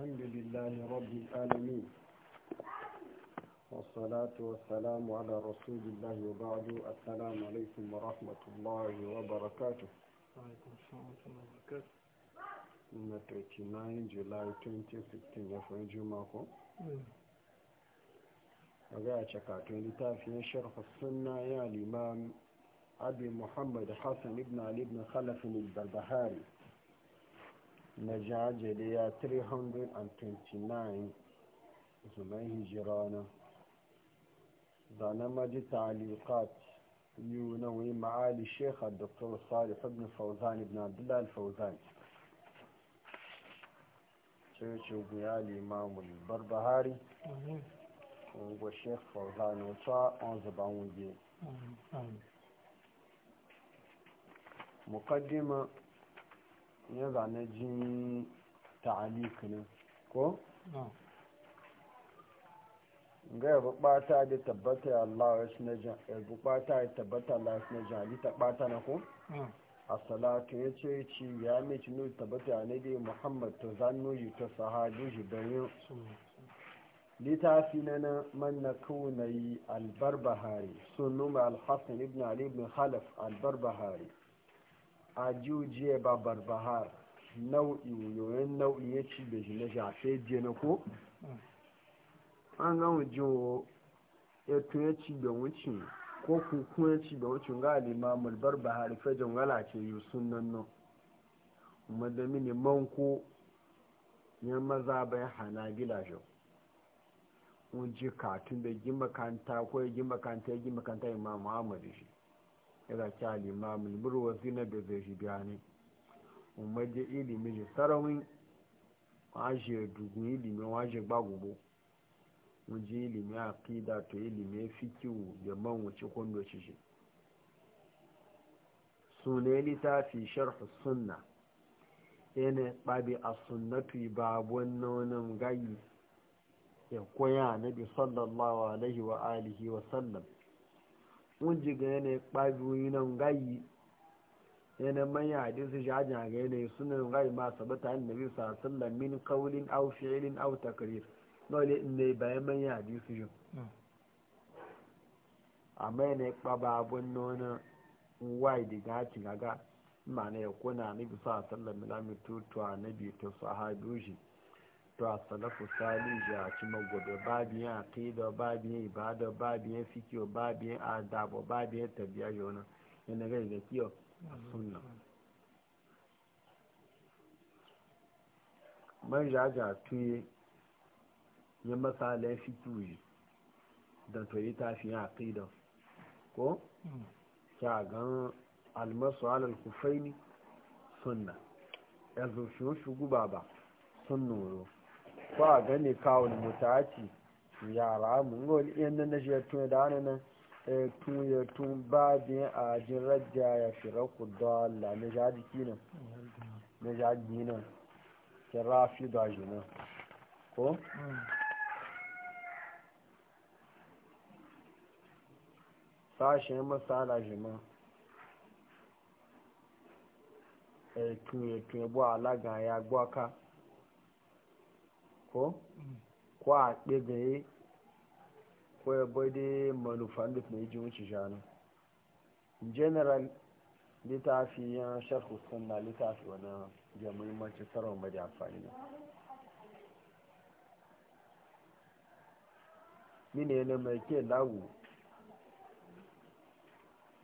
الحمد لله رب العالمين والصلاة والسلام على رسول الله وبعد السلام عليكم ورحمة الله وبركاته وعليكم السلام ورحمة الله وبركاته na 29 july 2016 ya fi juma ko? a ga a cakatun littafin sharfa suna ya liman abi muhammad hassan ibn ali ibn khalafin barbahari نجاج جليا 329 زمان هجرانا دانا مجي تعليقات يونوي معالي الشيخ الدكتور صالح بن فوزان بن عبد الله الفوزان شو بيالي امام البربهاري هو الشيخ فوزان وطاع اونز باوندي مقدمه ya zane jin ta'aliku ne ko? ga ya bukata da tabbata Allah ya shi na jan ya bukata da tabbata Allah ya shi na jan halitta bata na ko? a salatu ya ce ci ya mai ci nuna tabbata ya nade muhammad ta zanno yi ta sahadu shi bayan littafi na na manna albar albarbahari sun numa alhassan ibn ali ibn khalaf albarbahari a ba barbahar nau'i yoyon nau'i ya ci da shi na shafe je na ko an gama wujo ya ya ci da wucin ko kukun ya ci da wucin ga limamul barbahar wala ce yi sunan nan ne manko ya maza bai hana gilashin wunci katun da gimakanta ko ya gimakanta ya gimakanta makanta imam muhammadu shi yana ki alimamul murwasi na da zai shi biya ne umar je ilimi je sarawin waje dugun ilimi waje gbagubo waje ilimi aqida to ilimi kiwu da man wuce kwando ci shi sune littafi sharh sunna yana babi as-sunnatu babun nonon gayi ya koya na bi sallallahu alaihi wa alihi wa sallam wunji ga yana kpagu na ngayi yana manya su shi ajin a ga yanayi suna ngayi ma sabata an nabi sa sallam min kaulin au fi'ilin au takrir dole in ne bayan manya su shi hmm. amma yanayi kpaba abun nona wai diga hacin aga ma na ya kuna nabi sa sallam milamitu tuwa nabi ta sahabi shi to a salafu sali ja ci magwado babiyan aqida babiyan ibada babiyan fikiyo babiyan adabo babiyan tabiya yona yana ga ga kiyo sunna man ja ja tuye ya masalai fikiyo da to yi tafiyan aqida ko hmm. kya gan almasu alal ni. sunna yanzu shi shugu baba? sun noro ko e, a gane kawon mutaci yara mun wani yan nan na shi tun da hannun nan tun ya tun ba biyan a jin rajja ya fira ku dala na jaji kinan na jaji nan ta rafi da nan ko sashen masala jima tun e, ya tun ya bu alaga ya gwaka ko ko a ɗegaye ko ya bade manufan da mai jin wuce shanu general littafi ya sharhu suna littafi wani ga muhimmancin sarrafa mai amfani ne mine ne mai ke lagu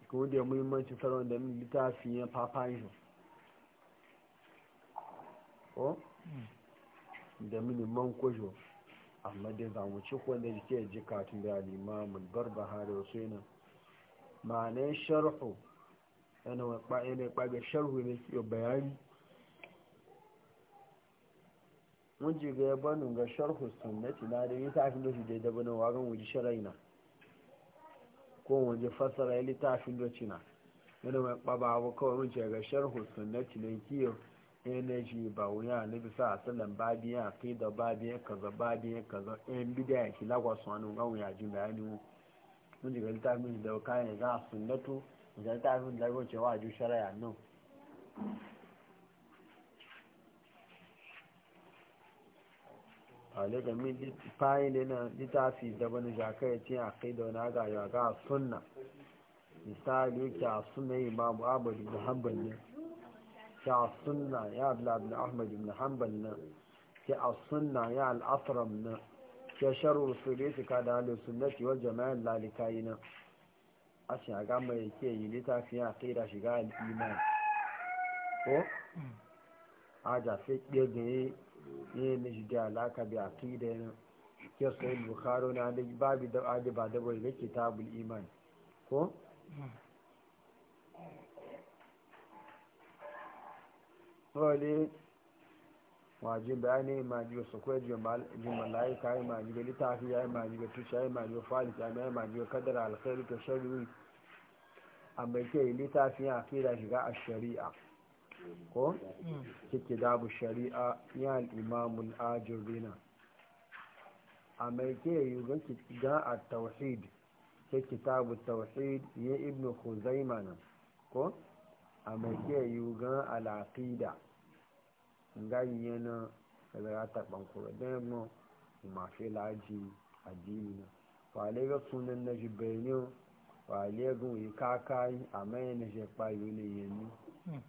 ko da muhimmanci sarrafa da littafi ya fafayin ko hmm. da miliman kwajo amma dai za mu ci kwanda jike ji katun da alimamun da wasu yana ma'anin sharhu yana ɓaga sharhu ne ke bayani mun ji ga yabanin ga sharhu sunnati na da yi tafi da su dai dabanin wagon wuji sharaina ko waje fasara ya littafin da cina yana mai ɓaba abu kawai mun ce ga sharhu sunnati na kiyo energy ba wuya na bisa asalin kai da babiyan kaza babiyan kaza yan bidiyar shi lagwasu wani gawun ya jin bayani mu mun ji gari tafi da kayan za a sunnatu da ta da lagos cewa a ju shari'a nan a daga min fayin da na littafi da wani jaka ya ce akida wani aga yaga sunna misali a sunna abu da ke a sunna ya abdullahi ahmad ibn hanbal na ke a sunna ya al'asram na ke sharar sureti ka da halin sunnati wa jama'in lalikayi na a shaga mai ke yi littafin a kai da shiga al'iman ko a jafe ɗaya ne na shi da alaka bi a kai da yana ke sai bukharo na da babu da ba da bai kitabul iman ko sole waje bayani maji ga sukwai jimalayi ka yi maji ga littafi ya yi maji ga tushe ya yi ya yi kadara alkhairu ta shari'i a mai ke yi ya fi da shiga a shari'a ko kike dabu shari'a ya al'imamun ajirina a mai ke yi ga a tawhid ke kitabu tawhid ya ibn khuzaimana ko a ke yi ga al'aqida nga yana kaza ta bankura da mu mafi laji addini na wale ga sunan na ji bayani wale ga yi kakayi a mai na ji kwayo ne yanni ta hmm.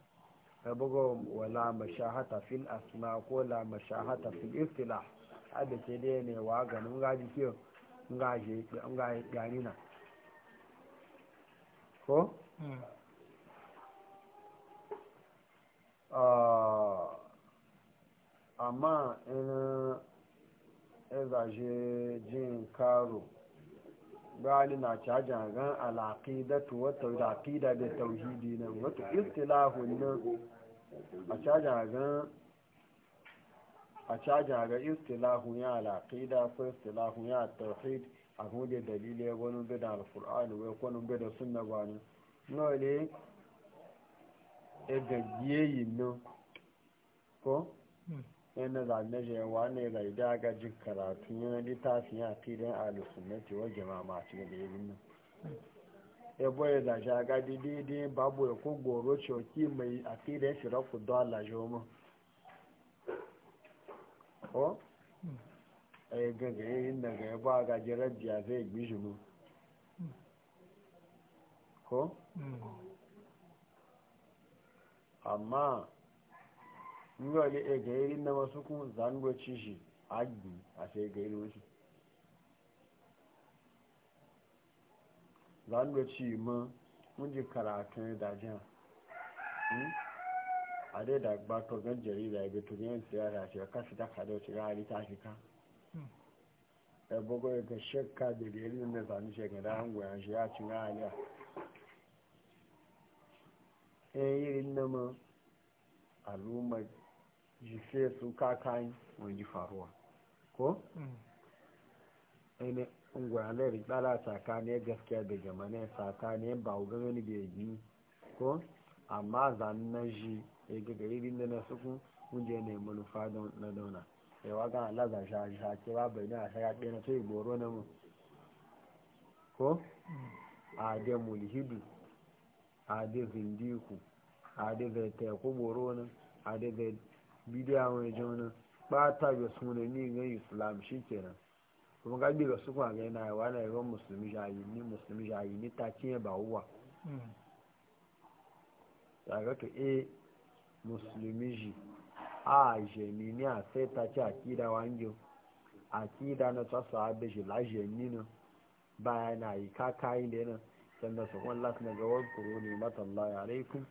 e buga wala mashahata fil asma ko la mashahata fil istila hada ke da ne wa ganin gaji ke ngaje ngaje gani na ko hmm. ah amma ina ezaje jin karo gali na cajan ran alaƙidatu wata alaƙida da tauhidi nan wata istilahun nan a cajan ran a cajan ran istilahun alaƙi da ko istilahun ya tauhid a hudu dalilai wani bida alfur'ani wai kwanin bida sunna wani nole yi nan ko hmm. yana na wa ne zai daga jin karatu yana littafin ya fi don alusunnati wa jama'a masu da ilimin nan ya boye da shaga daidai babu ya ko goro coki mai a fi don shirafu dala joma ko eh, a yi gagaye yin daga ya ba gajeren jiya zai gbi shi mu ko mm. amma nígbà lè ẹgẹ̀ eré na wasu kún zango ṣíṣe agbì àti ẹgẹ̀ eré wọ́n ṣe zango ṣí mọ́ wọ́n jẹ karatun ìdájá hmm? adẹ́dàgbà tọ́gán jẹ̀rìdà ẹgbẹ̀ tó hmm. yẹn sí kada àti ọkà sí takàdé ọ̀tí rá àrí tàṣíká ẹgbọ́gbọ́ da ṣẹ́ka bèrè eré mẹ́ta ní ṣẹ̀gẹ̀ dáhùn àṣẹ àti rá àrí à ẹ̀yìn rí nàmọ́ àlùmọ́ jise su kakan wani faruwa ko? ainihin mm. ungwalar tsara ya gaskiya da jamanin tsakanin ba wugan wani yi ko? amma zanen shi ya e gagari din da na suku kunje ne manufa na dauna yawa e ga alaza shake ba bai na shaka ɗaya na sai goro na mu ko? Mm. a da mulhidu a zindiku a da zai taiku goro na a zai bidiya mai jona bata ga sunani ga islam shikenan kuma ga gbe su kuma ga na yawa na yawan musulmi yi ni musulmi yi ni ta cinye ba uwa daga hmm. to e eh, musulmi ji a jeni ni a sai ta ci akida wanjo akida na sa abin shi la ni na baya na yi kakayi da yana da su kwan lati na gawar kuro ne matan laya alaikum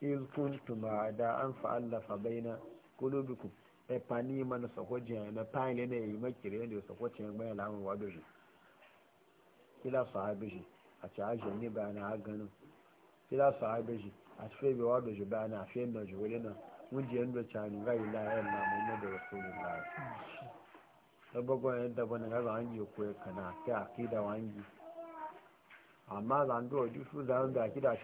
iz kuntum a'da'an fa'allafa baina kulubikum e pani na sako na pani ne yi makire ne sako ciyan bayan lamun wado kila sahabi shi a ci ajiyar ne na a kila sahabi shi a ci febe wado shi bayan a fiye da shi wani nan mun jiyan da ga yi layar e e na mummu da wasu da akida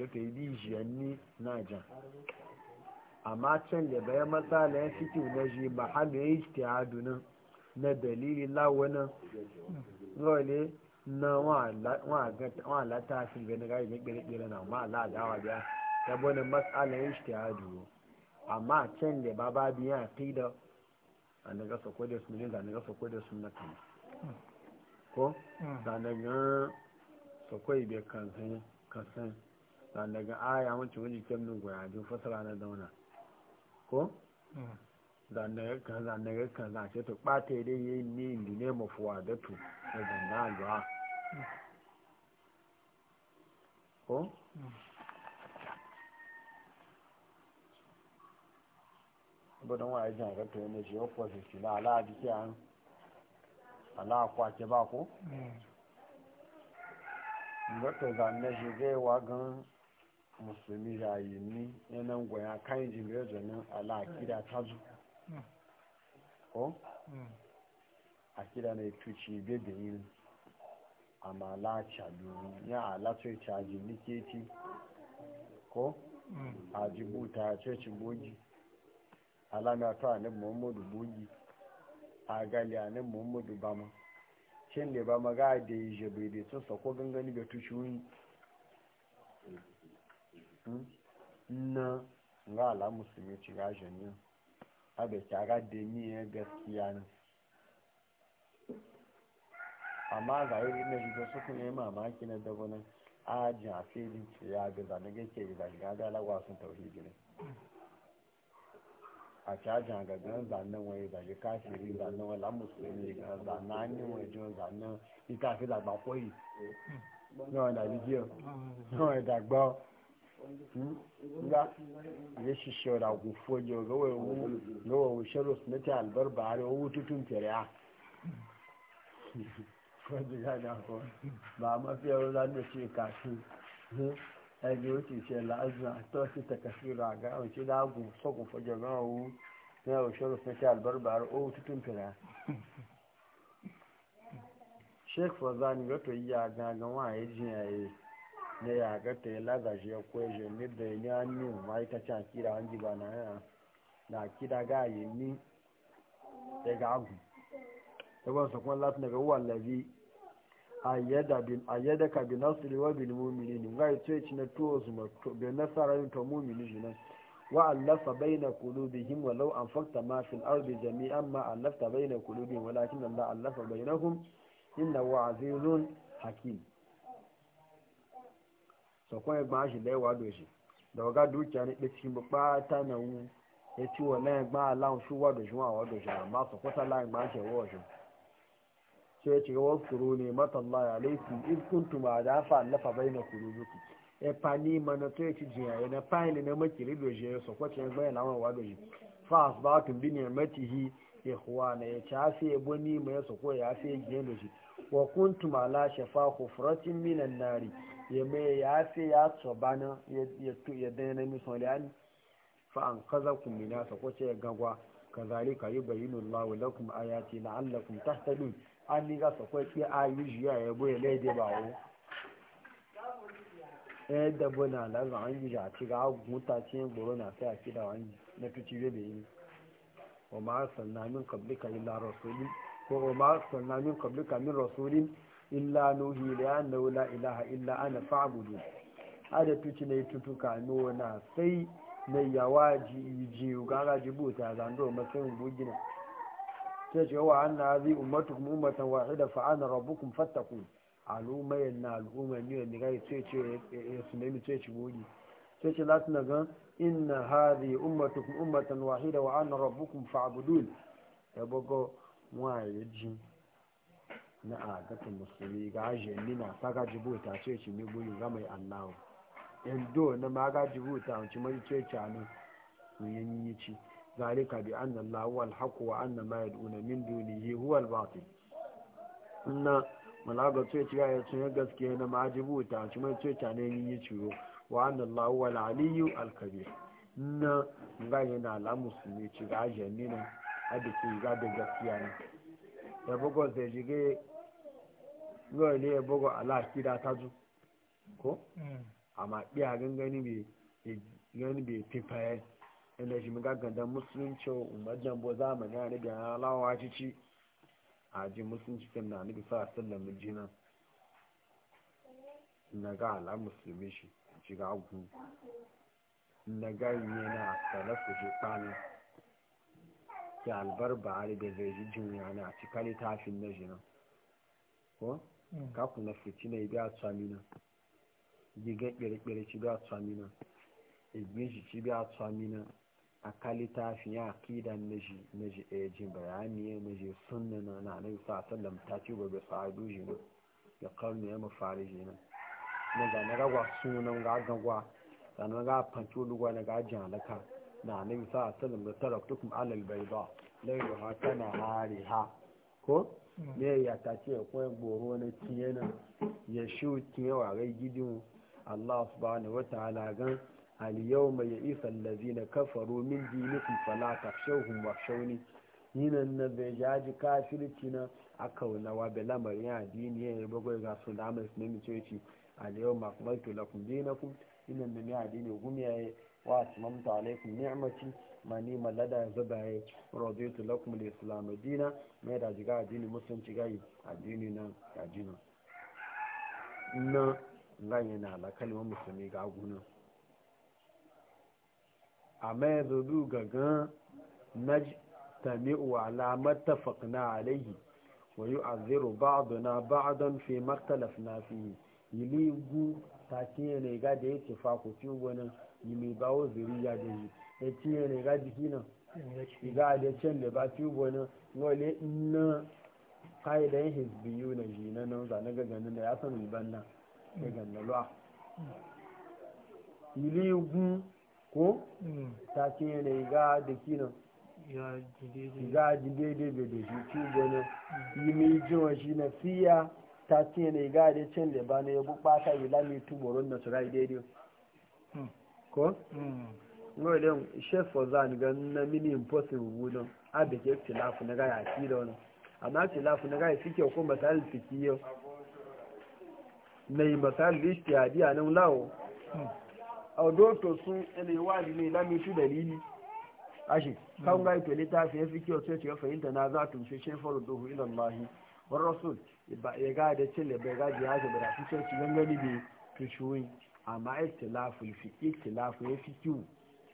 amma can da bayan matsala ya fiki na shi yi ijtihadu nan na dalili lawanan dole na wa lata fi gani gari mai kirkira na ma ala dawa biya ta bane matsala ya ijtihadu amma can da ba ba biya qida an ga sako da su ne da ga sako da sunna kan ko hmm. da ga sako ibe kan san kan san da gan aya wancan wani kemnin gwayajin fasara na dauna ko mm. zanaga kaza ce ta ɓata ya dai yi ni indi ne mafuwa da tu da ko mm. Mm. wa shi yau shi na ala an ala kwace ba ko? zai wa gan musulmi yayi ni yanan goya kayan jimiyar janin ala akida ta zu hmm. ko hmm. akida na tuci bebe yin amma lacha biyu ya alato ita niketi ko hmm. a jibuta ceci bogi alamata a muhammadu bogi a gali a muhammadu bama cin da bama ga da yi jabe da tsosa ko gangani ga wuni na ga ala musulmi ci ga jannin abe ki aga da niyan gaskiya nan amma ga yi na shiga suku ne mamaki na dagunan ajin a fili, ce ya ga zane ga ke ga shiga da lagwa sun tauhidi ne a cajin ga ganin zanen wani zage kafiri zanen wani lamusulmi ga zanen hanyar zanen ikafi zagba koyi na wani da na wani da nga ya shishe da gufo ga wayo ga wayo sharus na ta albar ba har wayo tutun tariya kwaji ga na ko ba ma fi yau zan da ce kashi a ji wuce ce la'azna to shi ta ga raga wuce da gufo gufo je ga wayo na wayo sharus na ta albar ba har tutun tariya sheik fazani ga to iya ga ga wa e ya ji e. yayi ne ya ga ta yi lagashi ya shi ne da ya ni ta a kira wani ba na yana na kira ga yi ni da ga agu ya ba su kuma lati daga lafi ayyada ka bi nasiri wa bin mumini ne ga yi to yi na tuwo su ma bi nasara yin to mumini shi nan wa allafa baina him wa an fakta ma fil ardi jami'an ma allafta baina qulubihim walakin allah allafa bainahum wa azizun hakim sakwai ba shi laiwa doshi da waga dukiya ne ɗaya cikin bukata na wu ya ci wa layin gba alawun shi wa doshi wa doshi amma sakwata layin gba shi wa shi sai ya ce wa kuro ne matalla ya laifi in kuntu ma da fa bai na kuro zuki e pani mana to ya ci jiya ya na fayili na ya sakwata ya gba alawun wa doshi fa ya cafe ya fi giyan wa kuntum ala shafa hufratin minan nari ya mai ya fi ya tsoba na ya dana misan liyani fa'an kaza kumina sa kwace ya gagwa ka zalika yi bayinun lawu lakum ayati na ta tahtadun an ni ga sakwai a ayu jiya ya goya laide ba wo eh da bona la za an yi ja ci ga guta ci goro na sai a ci da wani na tuci be da yi wa ma sanna min qablika illa rasulin ko wa ma sanna min qablika min rasulin illa nuhi da ya na wula ilaha illa ana fa'abudu ada tuci na tutuka nuna sai na yawa jiyu gara jibuta zando matsayin gugina ta ce wa an na zai umartu kuma umartan wa'ida fa'ana rabukun fattakun al'ummayin na al'ummar ne wanda gari sai ce ya sunami sai ci gogi sai ce lati na gan inna hadhi ummatukum ummatan wahida wa anna rabbukum fa'budun ya bago wa ji. na a gatan musulmi ga ajiyar nina ta gaji buta ce ci ne gudu ga mai annawa yadda na ma gaji buta a ci mai ce canu yin yi ci zalika bi an nan lahuwal haku wa an na mayar una min duniyi huwal batin na malaga ce ci ya tun gaskiya na ma gaji buta a ci mai ce canu yin yi ciwo wa an nan lahuwal aliyu alkabir na ga yana la musulmi ci ga nina a da ke ga da gaskiya ne ya bugo zai jige yau ne ya bugo ala kida ta zu ko mm. amma iya gangani bai gani bai fi faye inda shi muka ganda musulunci umarjan bo zamani ya nabi ya lawa cici a ji musulunci sun na nabi sa sallan jina na ga ala musulmi shi shiga gu na ga yi na salafu shi kwanan da albar bahari da zai ji juniya na cika littafin na jina ko mm. kaku na fitina biya tsamina gigan kirkiri ci biya tsamina igbin shi ci biya tsamina a kalitafin ya akida na shi na shi ɗaya eh, jin bayani ya na shi sunna na na na yusa sallam ta ci gobe sa'adu shi na da ya mafari shi na na ga na ragwa sunan ga gagwa na ga fanci oluwa na gajin halaka na annabi sa alaihi wasallam da taraktukum alal ba lailu ha hari hariha ko ne ya ta ce kwayan boro na tiyana ya shu wa gai gidin Allah subhanahu wataala gan al isa ya'isa allazina kafaru min dinikum fala tafshawhum wakhshawni yinan na bai jaji kafirci na aka wunawa bai lamarin addini ya yi bagwai ga su damar su ne mace ce al-yawma akmaltu lakum dinakum yinan na ne addini gumiyaye wa atmamtu alaikum ni'mati mani malada yanzu radiyatu lakum dina mai da jiga addini musulunci gayi addini na addini na nan na la kalmar musulmi ga guna amma yanzu du gagan najtami'u ala mattafaqna alayhi wa yu'azziru ba'duna ba'dan fi fi fihi yiligu ta ne ga da yake fa ku ci wani Yi yimi bawo zuriya da yi ya ci ne ga jiki nan ga da can da ba ci wani wale na ka'idan hizbiyu na ji na nan zane na ganin da ya san riban nan mm. ga ganin lu'a mm. ili gun ko mm. ta ci ne ga da ki nan ga ji daidai bai da shi ci wani yimi jiwa shi na fiya ta ci ne ga da can da ba na ya bukata ilami tuboron na su rai daidai ko mm. ngole chef ozan ga na mini mposi wudo abe ke tilafu na ga ya ti don amma tilafu na ga fike ko masal fikiyo mai masal listi hadi anan lawo mm. a doto sun ele wali ne lami tu dalili ashi kan mm. ga to litafi sai fahimta na za ila Allah war rasul e e ya ga da cin bai amma fi ikhtilafu ya fi kiwu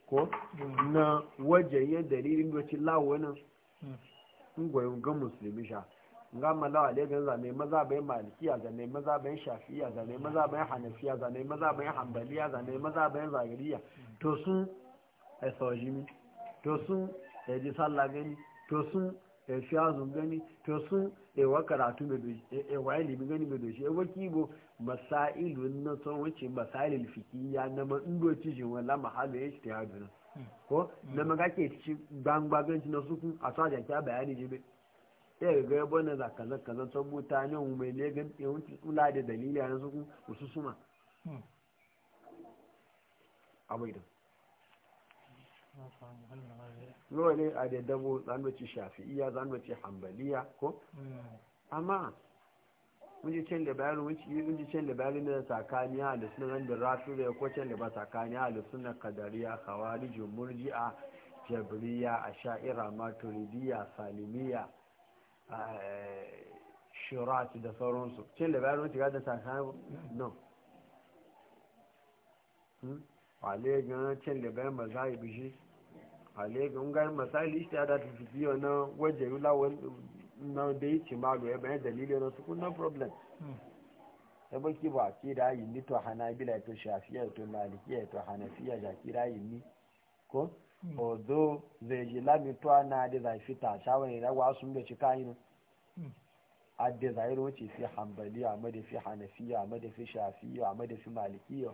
ko na wajen yin dalilin dokin lawonin ngwayon ga musulmi sha nga malawa ne ga zane maza bai malikiya zane maza bai shafiya zane maza bai hanafiya zane maza bai hanbaliya zane maza bai zagiriya to sun a saujimi to sun ya ji sallah gani to sun ya fi azun gani to sun ya wa karatu mai doshi ya wa ilimi gani mai doshi ya wa kibo masailun na son wuce masailul fikiya na ma indoci shi wala mahalu ya shi hadu ko na ma kake ci gbangbagan ci na suku a sa da bayani jibe sai ga ga yabo na zakaza kaza to mutane mu mai legan yawanci ula da dalili na suku musu suma hmm. abai da Nawa ne a da dabo zanuwaci shafi'iya zanuwaci hambaliya ko? Hmm. Amma mun can da bayan wuce yi ji can da bayan da sakani a da sunan da rafira ko can da ba sakani a da sunan kadariya khawarij murji'a jabriya asha'ira maturidiyya salimiyya eh, shirat da sauransu can da bayan wuce da sakani no hmm? wale gan can da bayan mazhabi shi wale gan ga masali shi ta da ta fi biyo na wajen lawal na da yi ci malu ya bayan dalilin na kunan problem ta hmm. baki ba ke da yi ni to hanabila to shafiya to malikiya to hanafiya da kira yi ni ko hmm. ozo zai ji lami to ana da zai fita shawar ne rawa sun da ci kayan hmm. adda zahir wuce fi a mada fi hanafiya mada fi shafiya mada fi malikiya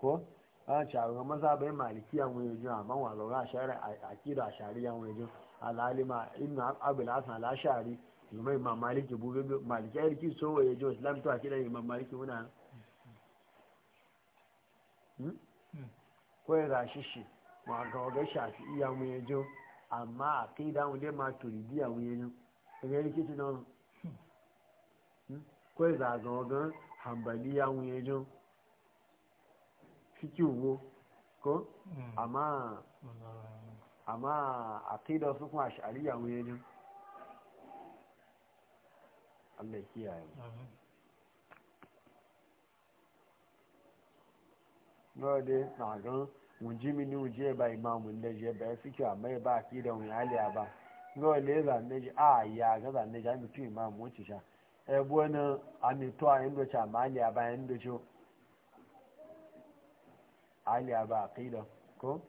ko a cewa maza bai malikiya mu yi jin amma wa zaura a shari'a kira shari'a mu yi jin al'alima ibn abul hasan al'ashari imam imam maliki bu maliki ya riki so ya ji islam to a kidan imam maliki muna hmm? hmm. ko ya rashi shi ma ga ga shafi iya mu ya jo amma a kai da dai ma turidi ya mu ya jo ga riki ci don hmm? ko ya ga ga ya mu ya jo fiki wo ko amma amma a kaida su kuma shari'a wani ne allah kiyaye nawa dai na gan wunji mini wunje ba imamun da je ba ya fi kyau amma ya ba a kaida wani aliya ba nawa ne zane ji a ya ga zane ji a mutum wuce sha ebe wani amito a yin doce amma aliya ba yin doce aliya ba a kaida ko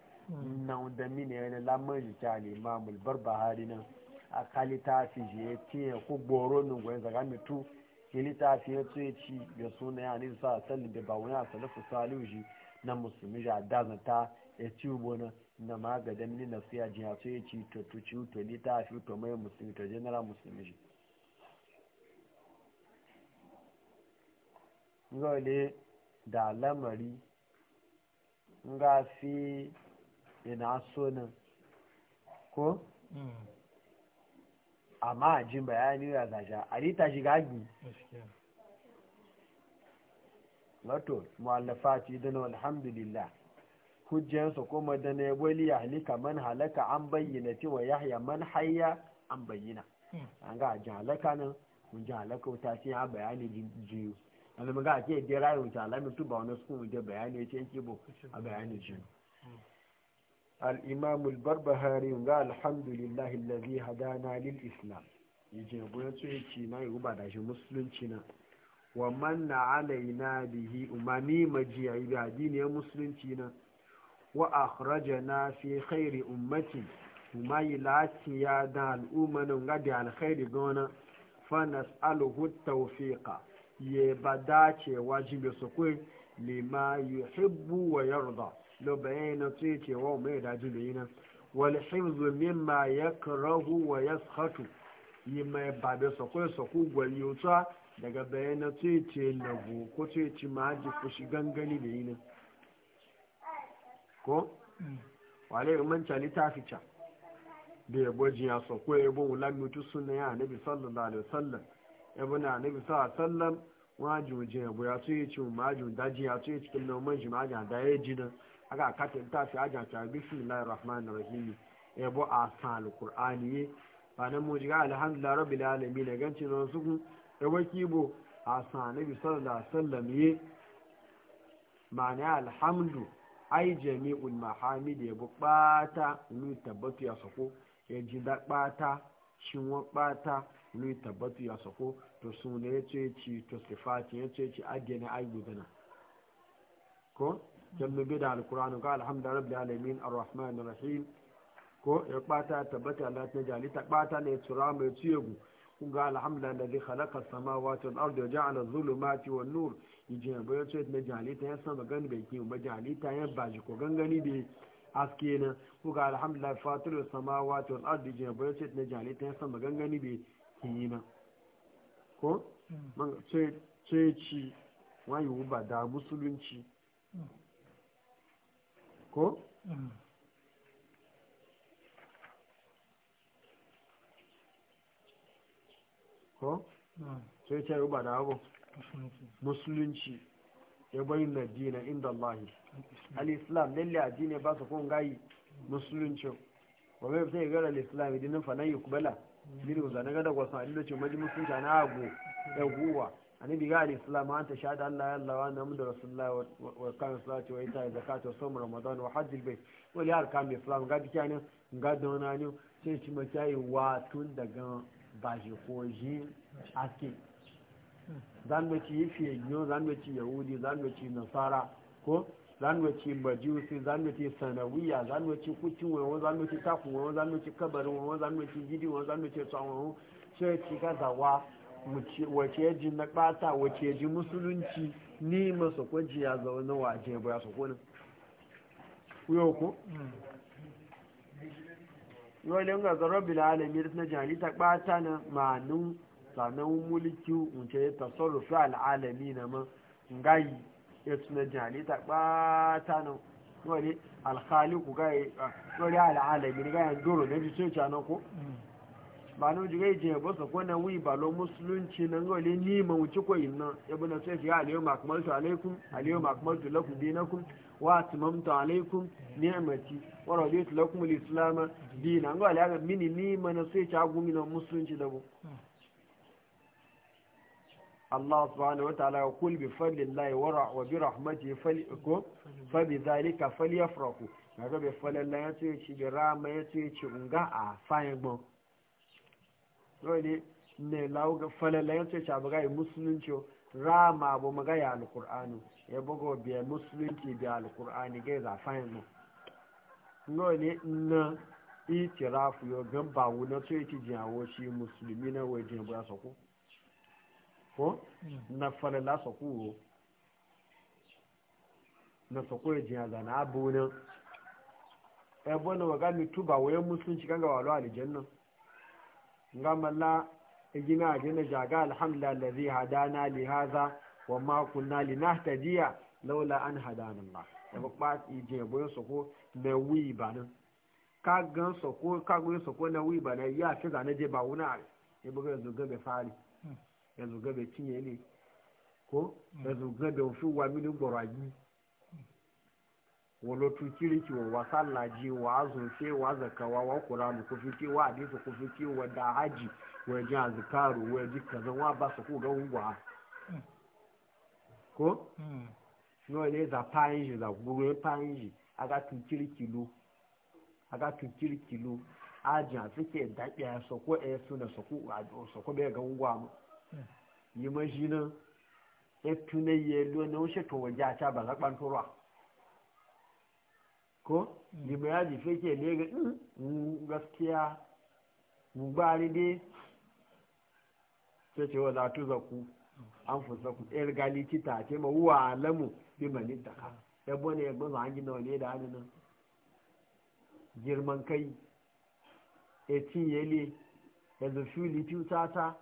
na da mini yana lamari ta mulbar barbahari nan a kali ta fi je ya ya ku goro nun gwaye zaga mitu kili ta fi ya ce ci ga suna ya ne sa salli da ba wani asalafu salu shi na musulmi ja dazan ta ya ci ubo na na magadan ni na siya jiya ya ci to tuci to lita ta fi to mai musulmi to general musulmi shi. Ngole da lamari nga fi yana so nan ko hmm. amma a jin bayani ya zasha a rita shiga gi wato mu'allafati dana alhamdulillah hujjansa kuma da na wali ya halika man halaka an bayyana cewa yahya man hayya an bayyana hmm. an ga jin halaka nan mun ji halaka wuta sai ya bayani jiyu an ga ake jira rayuwa ta alamin tuba wani sukun da bayani ya ce yake bo a bayani jiyu الإمام البربهاري قال الحمد لله الذي هدانا للإسلام يجي أبونا تشيكي ما يقول بعد عشان مسلم شنا ومن علينا به أمامي مجيع بعدين يا مسلم شنا وأخرجنا في خير أمتي وما يلاتي يا دال أمنا ونقدي على خير قونا فنسأله التوفيق يبدأ واجب سكوي لما يحب ويرضى lo bayana su ya ce wa mai daji da yi yana wal ma ya yakrahu wa ya yaskhatu yi mai ba da sako sako gwali yutsa daga bayana su ya na lagu ko su ya ce maji fushi gangani da yi na ko wale manta littafi ca da ya gwaji ya sako ya bu wulan mutu suna ya nabi sallallahu alaihi wasallam ya bu na nabi sallallahu alaihi wasallam wajin ya bu ya su ya ce majin daji ya su ya cikin noman jima'a da ya ji aga kata ta fi aja ta bismillahir rahmanir rahim e a asal qur'ani ba nan muji jiga alhamdulillah rabbil alamin gancin ran su yabo kibo a san nabi sallallahu alaihi wasallam ye mana alhamdu ai jami'ul mahamid bo bata mu tabbatu ya soko ya e ji da bata shin wa bata mu tabbatu ya soko to sunne ya ce ci to sifati ya ce ci adiyana gudana ko jallu bida alkur'anu ga alhamdulillah rabbil alamin arrahmanir rahim ko ya bata tabbata Allah ta jali ta bata ne tsura mai ciyegu kun ga alhamdulillah da zai khalaqa samawati wal ardi wa ja'ala adh-dhulumati wan nur yije ba ce ne jali ta yasa magan da yake ba jali ta yan baji ko gangani bi aske na kun ga alhamdulillah ce jali ta ko hmm. man ce ce ci ba da musulunci hmm. ko ko sai ce ruba da abu musulunci ya bayin na dina inda Allahi al-islam lalle a dina ba su kun gayi musulunci wa bai fita gara al-islam idinin fanayi kubala miri uza na gada wasan adilocin maji musulunci na abu ya guwa annabi ga alayhi salam an ta shahada Allah ya Allah wa anna da rasulullah wa kan salati wa ita zakatu wa sawm ramadan wa hajjil al-bayt wa li arkan islam ga dike ne ga dona ne sai ci makai wa tun daga Baji ko ji ake zan mai ci fiye yo zan mai ci yahudi zan mai ci nasara ko zan mai ci majusi zan mai ci sanawiya zan mai ci kucin wa zan mai ci takun wa zan mai ci kabarin wa zan mai ci gidi wa zan mai ci tsawon sai ci ga dawa. wace ji na ɓata wace ji musulunci ni masu kwanci ya zaune waje ba ya sokonin yau ku yau ne ga zarar bilalami na jihari ta ɓata na ma'anin sanan mulki unce ya tasarrufi al'alami na ma ngayi ya tuna jihari ta ɓata na wani alkhaliku gaye wani al'alami na gayen doro na jisoci na ko? ba no jiga je ba so ko na wi ba lo musulunci nan go le ni ma wuci ko inna na sai ya aliyo makmaltu alaikum aliyo makmaltu lakum dinakum wa atmamtu alaikum ni'amati wa radiyatu lakum al-islam dinan go ala mini ni ma na sai ta gumi na musulunci da bu Allah subhanahu ta'ala ya kul bi fadlillahi wa wa bi rahmatihi faliku fa bi dhalika falyafrahu ga bi fadlillahi ya ce ci bi rama ya ce ci unga a fayin gbon wani ne lauga falalayen ce ca bagai musulunci rama ba magai alkur'ani ya bugo biya musulunci biya alkur'ani gai zafayin mu wani na itirafu yau gan ba wuna so yake jawo shi musulmi na wajen ba sako ko mm. na falala sako na sako ya jiya zana na nan ebe na waga tuba ba ya musulunci kan gawa lo alijannan ngama la igina ajina jaga alhamdulillah alladhi hadana li hadha wa ma kunna linahtadiya laula an hadana Allah da ba ije boyo ko na wi banan ka gan ko ka so ko na wi banan ya fi zane je ba wuna ya buga yanzu gabe fari yanzu hmm. gabe cinye ne ko yanzu gabe fi wa gboro gboraji wolo tukiri ki wa sallaji wa azunfe wa zakawa wa qur'ani ku fiki wa hadisi ku fiki wa da haji wa ji azikaru wa ji kaza wa ba su ku ga ungwa hmm. ko hmm. no ne za panji za gburu gure panji aga tukiri kilo aga tukiri kilo ajin suke daɗe su ko ɗaya e suna su na rajo su ko bai ga ungwa mu hmm. yi mashi nan ya tunayye lo na wuce to wajen a ca ba zaɓan turwa ko ni ba yaji fake ne ga mm, gaskiya mu ba dai sai ce wa za tu zaku an fusa ku ɗaya gali kita ce ma wuwa alamu bi mani taka ya bane ya gbaza an gina wale da hannun nan girman kai ya yele ya zufi litiu sata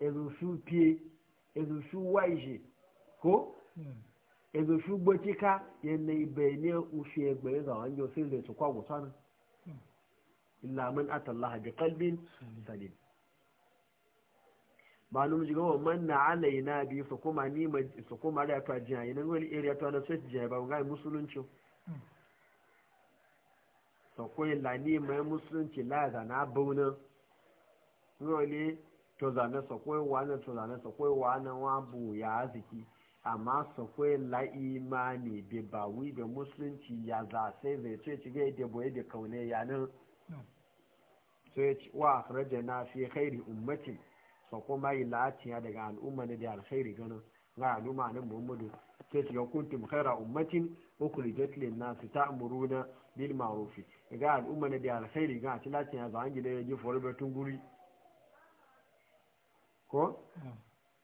ya zufi fiye ya zufi waishe ko hmm. ebe shugbo cika yana ibe ne ushe egbe ga wani yau sai zai tukwa gusa nan illa man atallah bi qalbin salim malum jiga wa man na alaina bi fa kuma ni ma fa kuma da ta jiya ina wani area ta na sai jiya ba ga musulunci to ko la ni ma musulunci la da na bauna role to zane sa ko wa na to zane sa ko na wa bu ya aziki amma sakwai la'imani da bawi da musulunci ya za sai zai ce ci gai da boye da kaune ya nan sai wa raja na fi khairi ummati sa kuma yi la'atiya daga al'umma ne da alkhairi ganin ga al'umma na muhammadu sai ci ga kuntum khaira ummatin su ta amuru na bil marufi ga al'umma ne da alkhairi ga ci la'atiya za a gida ya ji forbatun guri ko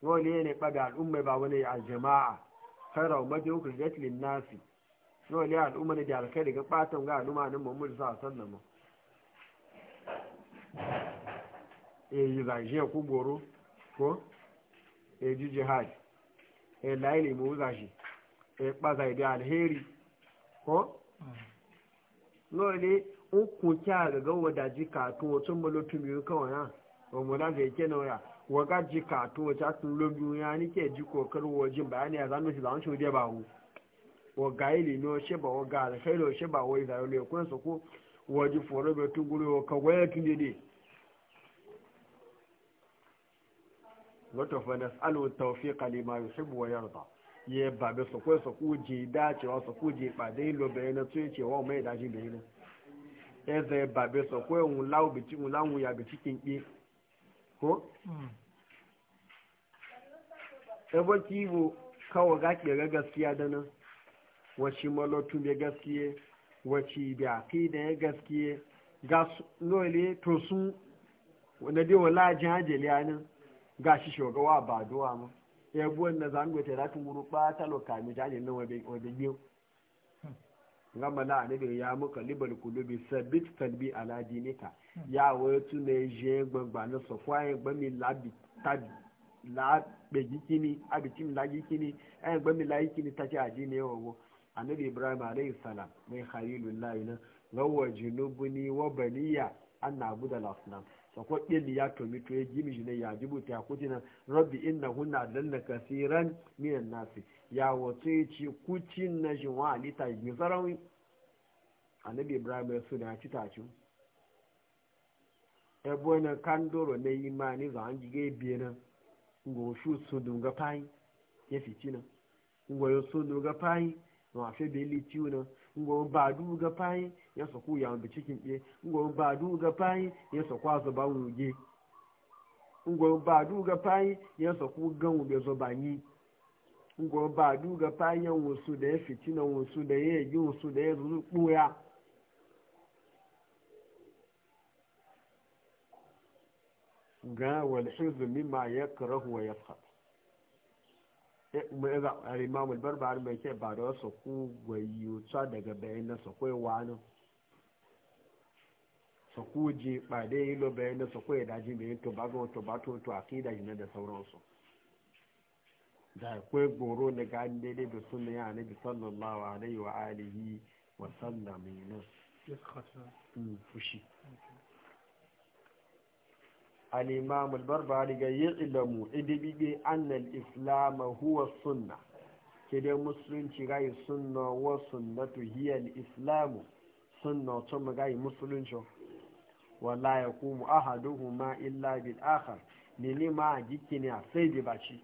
wani ne al'umma ba wani a jama'a khaira ummati ukhrijat lin nasi wani al'umma na da daga fatan gaa al'umma nan Muhammad sallallahu alaihi wasallam eh zaje ku goro ko eh jihad eh laili mu zaje eh baza ide alheri ko wani ukun kya ga gawa da jika to tun mulutumi kawai ha waga jika to wace asin lobi ya ni nike ji kokar wajen bayani a zanen shi zanen shi wajen ba hu waga ili ne wace ba ga da kai da wace ba wai zayo ne kuna su ko waje foro bai tun guri ka waya tun dede wato fa nas'alu tawfiqa lima yuhibbu wa yarda ye ba be so ko so ku ji da cewa so ku ji ba dai lo bai na tsaye cewa mai da ji bai ne e zai ba be so ko un lawo bi ci un lawo ya bi cikin ki ko ɗaba hmm. kiwo kawo gaƙi ga gaskiya da nan wacce malotun ya gaskiye wacce da kai da ya gaskiye ga nole to sun wanda dai wala jihajjali yanin ga shi shogawa ba duwa ma ya buwan na zangote ratun wuru ɓata lokami jani nan wabe biyu hmm. gama na anabi ya muka libal kulubi sabit talbi ala dinika ya wato ne je gbangba na so kwaye gbami labi tabi la beji kini abitin la kini ai gbami la kini tace adini owo anabi ibrahim alayhi salam mai khalilullah ina gawa junubuni wa baniya an nabuda al-asnam sako ɗin ya tomi to ya gimi shi ne ya jibuta ya kutina rabbi inna hunna dalla kasiran minan nasi ya wace ce kucin na shi alita yi sarauni anabi ibrahim ya suna ci tacu ebo na kandoro na imani za an jige biye nan ngo shu su dunga fayi ya fiti na afe beli ga fayi ya soku ya bi cikin ɗe ngo ga fayi ya soku azu ba wuge ngo ba du ga fayi ya soku gan ngo ba duga fayan wasu da ya fitina wasu da ya yi wasu da ya zuru ɓoya ga ma ya karahu wa ya fa mai ke ba da wasu ku daga bayan na sakwai e wani sakuji ba dai yi lo bayan na sakwai e to akida ne da sauransu da akwai goro na gani daidai da suna ya bi sallallahu alaihi wa alihi wa sallam yana mm, fushi al-imam al ga yi ilamu idibibe annal islam huwa sunna ke dai musulunci gayi sunna wa sunnatu hiya islamu sunna to gayi musulunci wala yaqumu ahaduhuma illa bil akhar ne ne ma jikini a sai da baci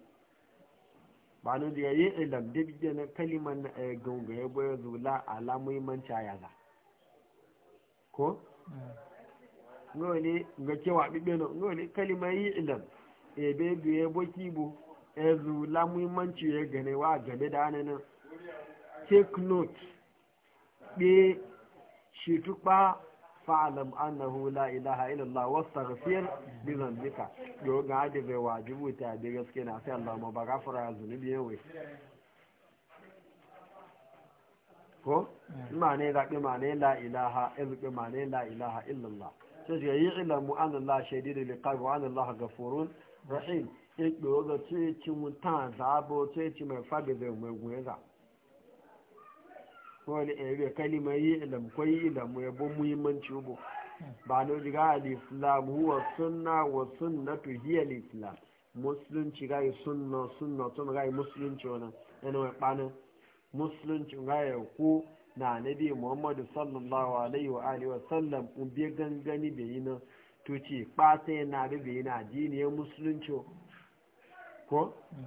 ma'anu da eh, ya yi ilam da bidiyar na kalimar na a gunga ya bayar zula ala muhimmanci a yaza ko? Hmm. ngole ga cewa bibe na ngole kalimar yi ilam e be ya boki bu ya e zula muhimmanci ya gane wa game da nan take note be shi tukpa fa'alam annahu la ilaha illallah wastaghfir li dhanbika yau ga da bai wajibu ta bi gaske na sai Allah ma ba gafara zunubi yayi ko mane da ke mane la ilaha illa mane la ilaha illallah sai ga yi ilmu an Allah da liqab wa an Allah ghafurun rahim ikdo ga ce ci mutan zaɓo ce ci mai fadi da mai guyeza wani ebe kalima yi ilam kwai ilam ya bu muhimmanci ubu ba na riga al-islam huwa sunna wa sunnatu hiya al-islam musulunci ga yi sunna sunna to ga yi musulunci wani yana wai bana musulunci ga ya ku na nabi muhammadu sallallahu alaihi wa alihi wa sallam un gangani bai yi na tuci kpata ya da bai yi na ya musulunci ko mm.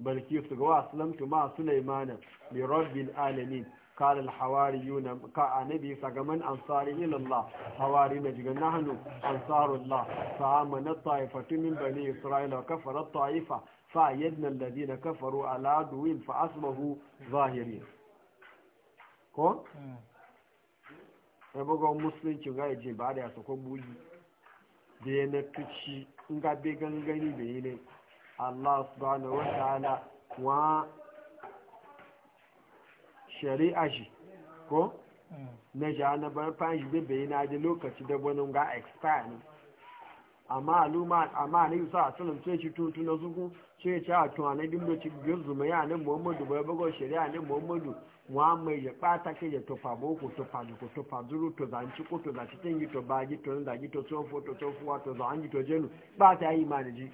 balki su ga wa aslamtu ma sulaimana li rabbil alamin قال الحواريون كأنبي فقمن أنصار إلى الله حواري نجد نحن أنصار الله فآمن الطائفة من بني إسرائيل وكفر الطائفة فأيدنا الذين كفروا على عدوين فأصبحوا ظاهرين كون؟ ya buga musulunci ga yaje ba da ya sako buji da ya na tuci in gabe gangani da yi ne Allah subhanahu wa ta'ala wa shari'a shi ko hmm. na ja na bar fashi bai na da lokaci da wani ga expire ne amma aluma amma ne yusa a sunan ce shi tutu na zuku ce ce a tuwa na dindo ci biyar zuma ya ne muhammadu bai bago shari'a ne muhammadu wa mai ya bata ke ya tofa boko tofa duku tofa zuru to za ci ko to zaci ten yi to baji to nda zagi to tsofo to fuwa to za zanji to jenu ba ta yi ji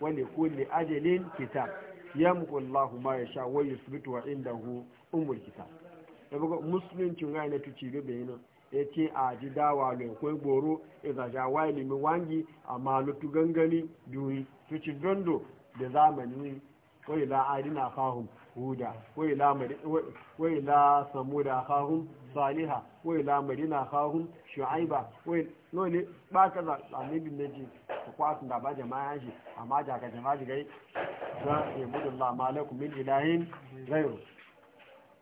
wani kulli ajalin kitab yamqu Allahu ma yasha wa yuthbitu wa indahu umul kitab da buga musuluncin ga na tuci ga bayanan ya ce a ji dawa ga kwai goro iza ja wa ilimin wangi a malutu gangani duri tuci dondo da zamani ko ila adina fahum huda ko ila samuda fahum saliha ko ila madina fahum shu'aiba ko no ne ba ka za annabi ne ji ku kwasu da ba jama'a shi amma daga jama'a gai za ya budulla malakum min ilahin ghairu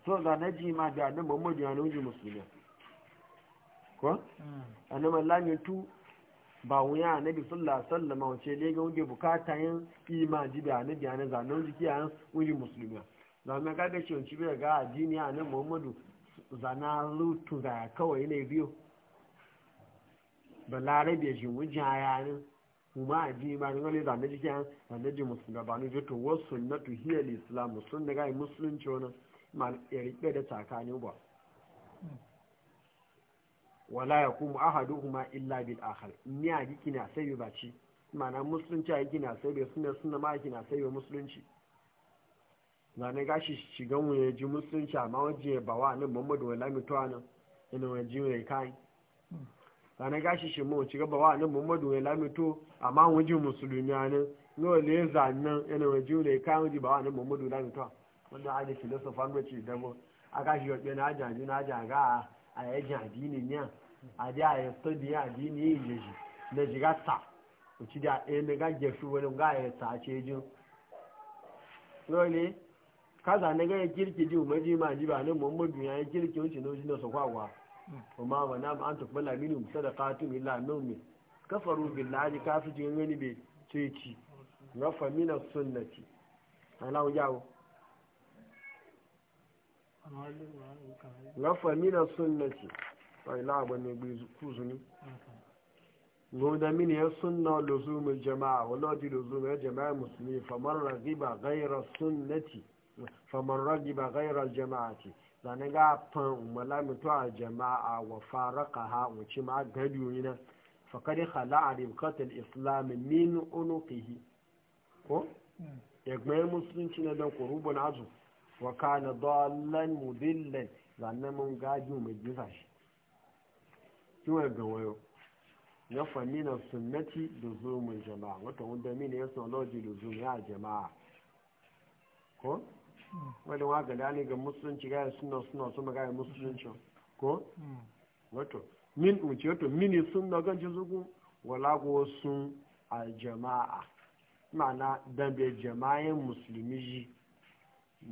so da na ji ma da annabi muhammadu ya ji musulmi ko hmm. annabi allah ne tu ba wuya annabi sallallahu alaihi wasallam wace ne ga wuge bukata yin imaji da annabi ya naza nan jiki a wuji musulmi zama ka ga shi bai ga addini annabi muhammadu zana lutu ga kawai ne biyo balarabe shi wujin hayanin kuma ji ba ni wani zane jiki ya zane ji musulmi ba ni jito wasu na tuhiyar islam musulmi ga musulunci wani ya riƙe da tsakanin ba wala ya kuma ahaduhuma illa bil akhar ni a giki na sai ba ci ma'ana musulunci a giki sai suna suna ma sai musulunci na gashi shigan ya ji musulunci amma waje ba wa nan Muhammadu wala mutuwa nan ina na ne gashi shi mu ci gaba wa nan Muhammadu wala mutu amma waje nan le nan ina kai nan mamadu wala mutuwa wannan aje da ngo ci a aka shi yobe na aja ji na aja ga a ya adini ne a da ya study ya adini yi je na ji ga ta o da ga je wani ga ya ta ce ji lole kaza ga kirki ji umaji ma ji ba muhammadu ya kirki wuce na wuce na so kwakwa kuma wa na an tukbala minu sadaqatu illa nawmi kafaru billahi kafirin wani be ce ci rafa mina sunnati lafa mina sunnati sai la ba ne bi kuzuni goda mini ya suna lozumin jama'a lozumin ya jama'a muslimi faman ragiba ghayra sunnati faman ragiba ghayra jama'ati zane ga fan malami to a jama'a wa fara ka ha wuce ma gadiyo ina fakad khala'a ribqatul islam min unuqihi ko hmm. egbe musulunci na dan kurubun azu wa kana dallan mudillan zanne mun gaji mu jisa shi kiwa ga wayo na famina sunnati da zumun jama'a wata wanda mini ya sonoji da zumun ya jama'a ko wani wa ga dani ga musulunci ga suna suna su ga musulunci ko wato min uci wato mini sun sunna ganci zugu wala go sun aljama'a ma'ana dambe jama'in musulmi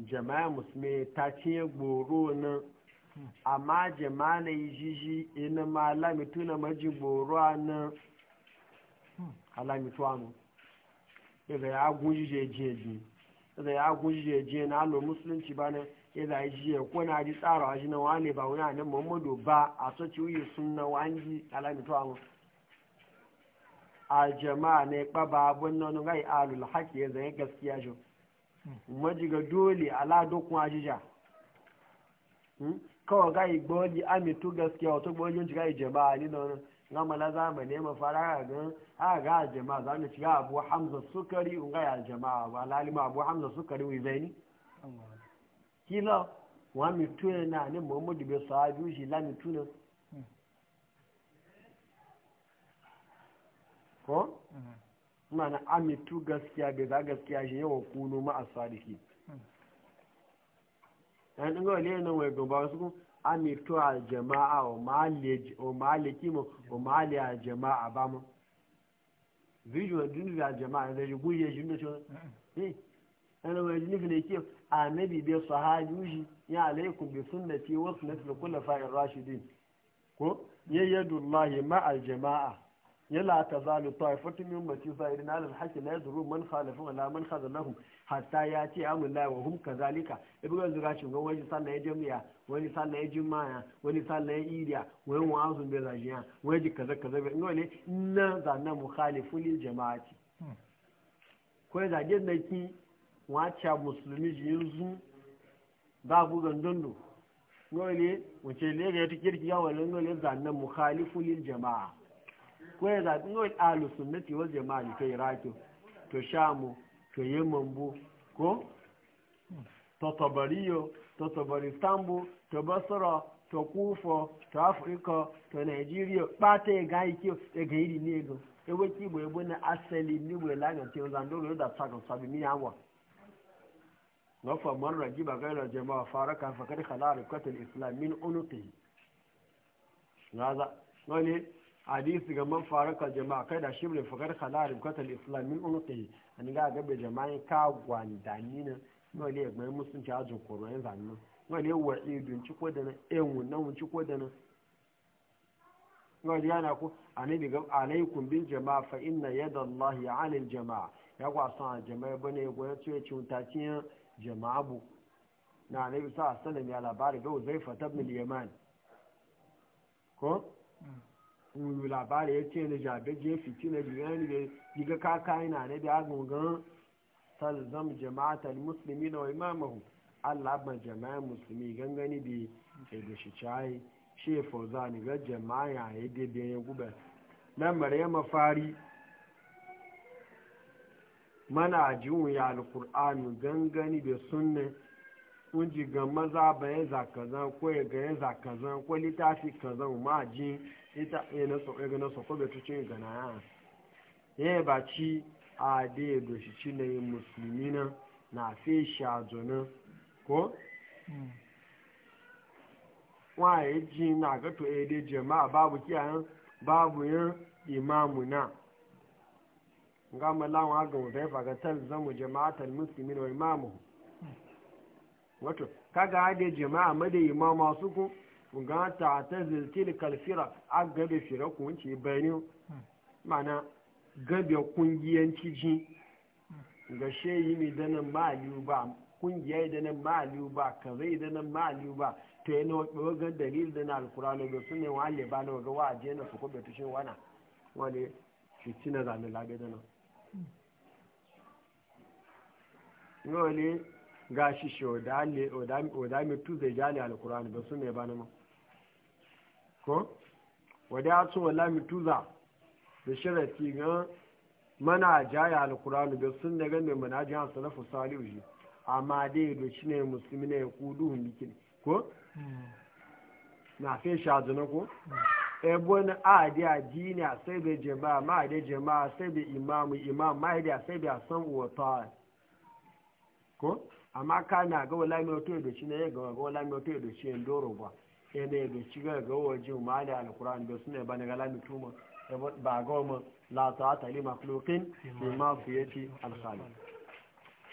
jama'a musulmi ta ce goro nan amma jama'a na yi jiji ina ma alamitu na maji goro nan a anu idan ya gun jije ji idan ya gun jije na alo musulunci ba na idan ya jiye ko na ji tsara a shi na wani ba wani anan muhammadu ba a soci wuyi sun na wani a lamitu anu a jama'a ne kpaba abin nan gai alul haƙi ya zai gaskiya shi majiga dole ala dokun ajija hmm? kawai ga igboji amitu gaskiya wato gbojin shiga ijeba ni da wani gama na zamani ma fara ga a ga jama'a za mu shiga abu hamza sukari un ga jama'a ba lalima abu hamza sukari wai zaini kila wa mi tuna e na ne muhammadu bai sahabi shi la mi tuna ko mhm. mana amitu gaskiya bai za gaskiya shi yawan kuno ma'a sadiki yan dinga wale nan wai gaba wasu kun amitu a jama'a o maliki mu o mali a jama'a ba mu visual duniya a jama'a da shi guje shi da shi eh ana wai nufi ne ke a annabi bai su haji shi ya alaikun bai sun da ce wasu wa sunnati kula fa'in rashidin ko yayyadu allahi ma jama'a yala ta zalu taifatu min ummati zahirin alal haqqi la yadru man khalafu wala man khazalahum hatta ya ce amul la wa hum kazalika ibu ga zuga shugan wani sallah ya jami'a wani sallah ya juma'a wani sallah ya iriya wani wazu da zajiya wani ji kaza kaza bai ngole na zanna mukhalifu lil jama'ati hmm. ko da gen da ki wacha musulmi ji yanzu ku babu gandondo ngole wace le ga ta kirki ya wala ngole zanna mukhalifu lil jama'a ko ya zaɓi ngawai alu sunnati wal jama'a to iraki to shamu to yammanbu ko to tabariyo to tabaristanbu to basra to kufo to afirka to nigeria ɓata ya ga ike ya ga iri ne ego ewe ki bo ebo na asali ni bo la na ti o zando ro da saka sabi mi awa wa fa man rajiba gaira jama'a faraka fa kad khala rikatul islam min unuti ngaza ngani hadisi ga man faraka jama'a kai da shibrin fakar khalarin kwatar islamin unuqi an ga gabe jama'a ka gwandani na wani ya gbayin musulunci a jin koro yin zanen wani ya wa idun ci ko da na ewu na wun ci ko da na wani yana ko bi ga alaikum bin jama'a fa inna yada allahi alil jama'a ya kwasa a jama'a bane ya gwaya ce ci mutakin jama'a bu na bi sa sallam ya labari ga uzaifa ta yaman ko mm. wuyu labari ya ce na jabe je fiti na jiyani da diga kaka yana na da agungan talzam jama'atar musulmi na wa imamahu allah ban jama'a musulmi gangani bi sai da shi cayi shi fauza ni ga jama'a ya yi daidai ya gube lamar ya mafari mana jiwon ya alkur'ani gangani da sunna kunji ga maza bayan zakazan ko ya ga ya zakazan ko littafi kazan ma jin ita iya e na so e ga so ko betu gana ya ya ba ci a da ya doshi ci na yin musulmi na na fi shazo ko hmm. wa ya e ji na gato to ya jama'a babu kiyayen babu yin imamu na ga malawa ga mu ga faga talzamu jama'atal musulmi na imamu hmm. wato kaga ga jama'a madai imamu su ko ga ta ta ziltil kalfira a gabe fira kunci bayani hmm. mana gabe kungiyanci ji hmm. ga sheyi mai danan ma'aliyu ba kungiya yi danan ma'aliyu ba kaza yi danan ma'aliyu ba ta yi na wajen dalil da na alkurano da su ne wale ba na waga waje na su kuma tushen wana wale na zane labe hmm. da nan wale ga shi shi odami tu zai jani alkurano da su ne ba na mu ko wadda sun wala mituza da sharafi gan mana jaya alkur'anu da sun da gane mana jiya salafu salihu shi amma dai da shi ne musulmi ne kudu hundikin ko hmm. na fe shazuna ko hmm. ebon adi addini a sai bai jama'a ma adi jama'a sai bai imamu imam ma adi sai bai san wata ko amma na ga wala mai wato da shi ne ga wala mai wato da shi ne doro ba sai da ga shiga ga waje ma da alkur'an da suna ba na gala mutumin ba goma lati a tali li makhluqin bi ma fiyati al khaliq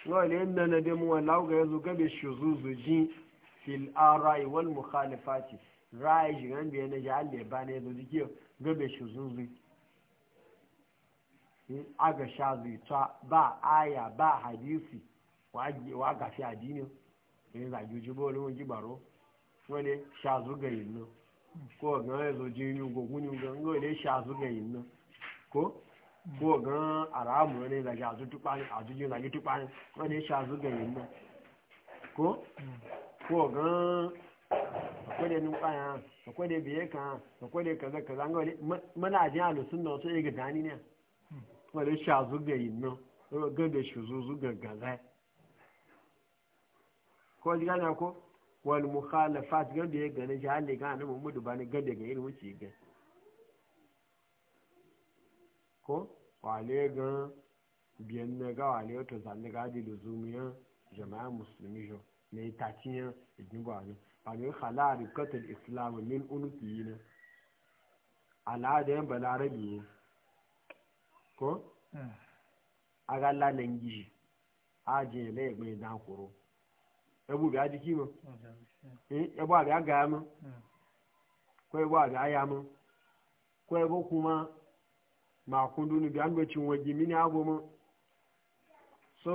wala inna na da mu wallahu ya zo gabe ji fil ara'i wal mukhalifati shi jiran biya na ya ba ne da dike gabe shuzuzu aga sha ta ba aya ba hadisi wa gafi fi adini ne zagi jujubo lon gibaro wani shazu ga yin nan ko gan ya zo jin yin gogun yin gan yau ne yin nan ko ko gan aramu wani da shazu tukpa ne a jujin zage tukpa ne wani shazu ga yin nan ko ko gan akwai da nuka ya akwai da biye ka akwai da kaza kaza ga wani mana jin alusun da wasu ga gani ne wani shazu ga yin nan ga da shuzuzu ga gaza ko ji gane ko wal mukhalafat ganda ya gane shi halle ga annabi Muhammadu ba ne ganda ga irin wuce ga ko wale ga biyan na ga wale to zanne ga di luzumiya jama'a musulmi jo ne tatiya idin ba ne ba ne khala rikatul islam min unuki ne al'ada yan balarabi ko hmm. agalla nan gishi aje le gbe dan kuro ẹbú bí adìkí mọ ẹbú àbí àgà mọ a ẹbú àbí àyà mọ kọ ẹbú kuma ma kún dúnú bí àgbẹ̀ tí wọ́n jì mí ní àgọ́ mụ. so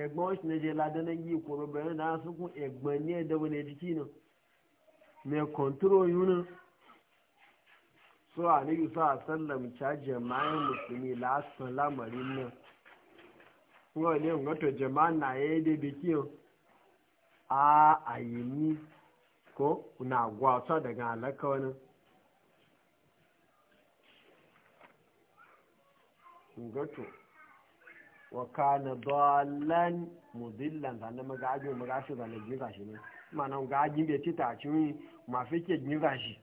ẹ̀gbọ́n ṣìnẹ́jẹ́ ládánná yí ìkòrò bẹ̀rẹ̀ náà sókún ẹ̀gbọ́n ní ẹ̀dẹ́wọ̀n ẹ̀dìkí náà na kọntrol yún náà. so aliyu sa sallam ca jama'in musulmi la'asar lamarin nan wọ́n ní ọ̀gọ́tọ̀ jama'a náà yẹ́ dé bìkí a ni ko na gwata daga alaka wani gato wa na dolan mudillan zane magajin magashi mu gashi da ne jira shi ne mana gaji bai ci ta ci mafi ke jira shi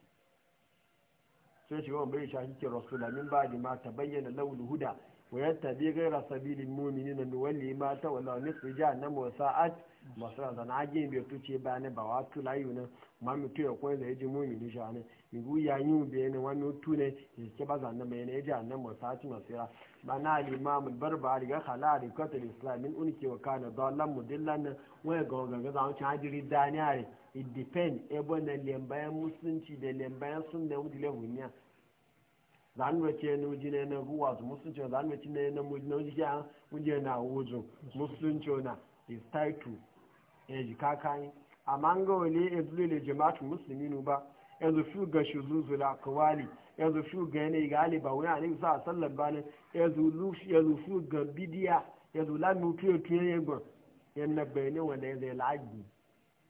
sai shi wọn bai shafi ke da min ba di ma bayyana lawul huda wa yattabi ghayra sabilil mu'minina nuwalli ma tawalla nisfu ja na sa'at masu na ajiye bai tuce ba ba wa tu layu na ma mi ya kwan da ya ji mumi ni shani mi gu ya yi mu biya ne wani otu ne ya ce ba zanen mai ne ya ji annan masu hati masu yara ba na ba barbari ga kala a rikotar islamin unike wa kana dolan mudillan nan wani ga wagaga za wuce hajiri daniyari it depend ebo na lembayan musulunci da lembayan sun da wuce zan zanu ce ne uji na guwa su musulunci zan ce ne na muji na uji na wujo musulunci na is tied to ya ji kakayi amma an ga wani ya zule ne jama'atun musulmi ba yanzu fi ga shi zuzula kawali yanzu fi ga yanayi ba wani a nemi a sallar bane yanzu fi ga bidiya yanzu lamu tuye tuye ya gwa yana bayani wanda ya zai la'adi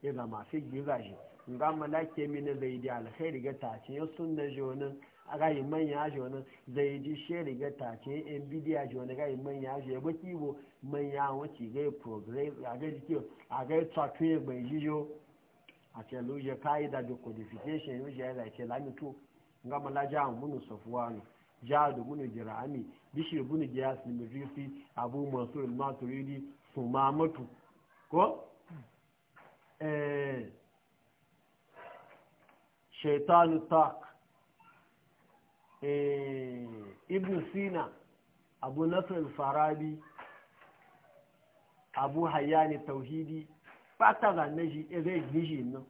ya zama fi giza shi nga ke mini zai di alkhairi ga tace ya sunna jonin a ga manya jonin zai ji sheri ga tace yan bidiya jonin ga manya jonin ya baki manya wacce gai progress a gai jike a gai tsakiya bai jiyo a ce lujia kayi da decodification yau jiya da ke lamito ga malaja munu safuwa ne jihar bunu jira'ami bishir bunu giyas limirisi abu masu maturidi su mamatu ko? Eh, shaitanu tak eh, ibn sina abu nasir farabi abu hayani tauhidi fata zane shi e zai gishi nan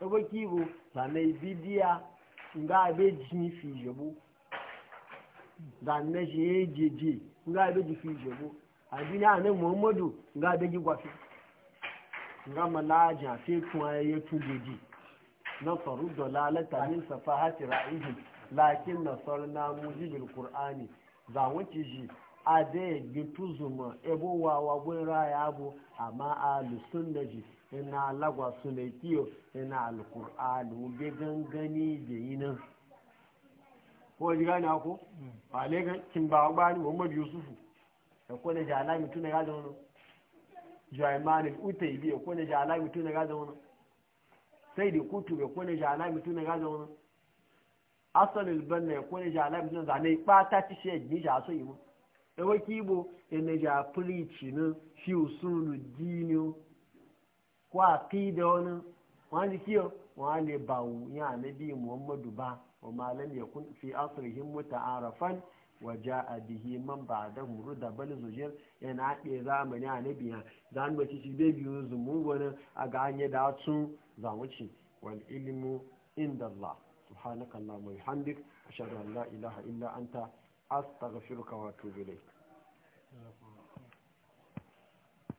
ɗago e kibu zane bidiya nga abe jini fi jebu zane shi ya e jeje nga abe ji fi jebu a na nan muhammadu nga abe ji gwafi nga a fi kuma ya tun jeje na faru da lalata min hati ra'ihi lakin nasarna kur'ani qur'ani zawunci shi ade gituzuma ebo wawa gwera ya bu ama alu sunna ina lagwa suna kiyo ina alkur'ani be gangani da yinan ko ji gane ako ba hmm. le ga kin ba ba ni Muhammad Yusufu da ko ne jala mi tuna ga zama Jaiman al e ko ne jala mi tuna ga dono sai da kutu be ko ne jala mi tuna ga zama asalul banna ko ne jala mi tuna zane ba ta ci shi ji ja so yi mu ewa kibo ene ja preach na fi usulu dini ko aqida ona wani kiyo muhammadu ba wa malam yakun fi asrihim muta'arafan wa ja'a bihi man ba'da ruda bal zujir yana ake zamani anabi ya dan ba ci be biyu zumu gona a ga anya da su zamuci wal ilmu inda Allah subhanakallahumma wa bihamdik ashhadu an la ilaha illa anta astaghfiruka wa atubu ilayk Hello. Uh,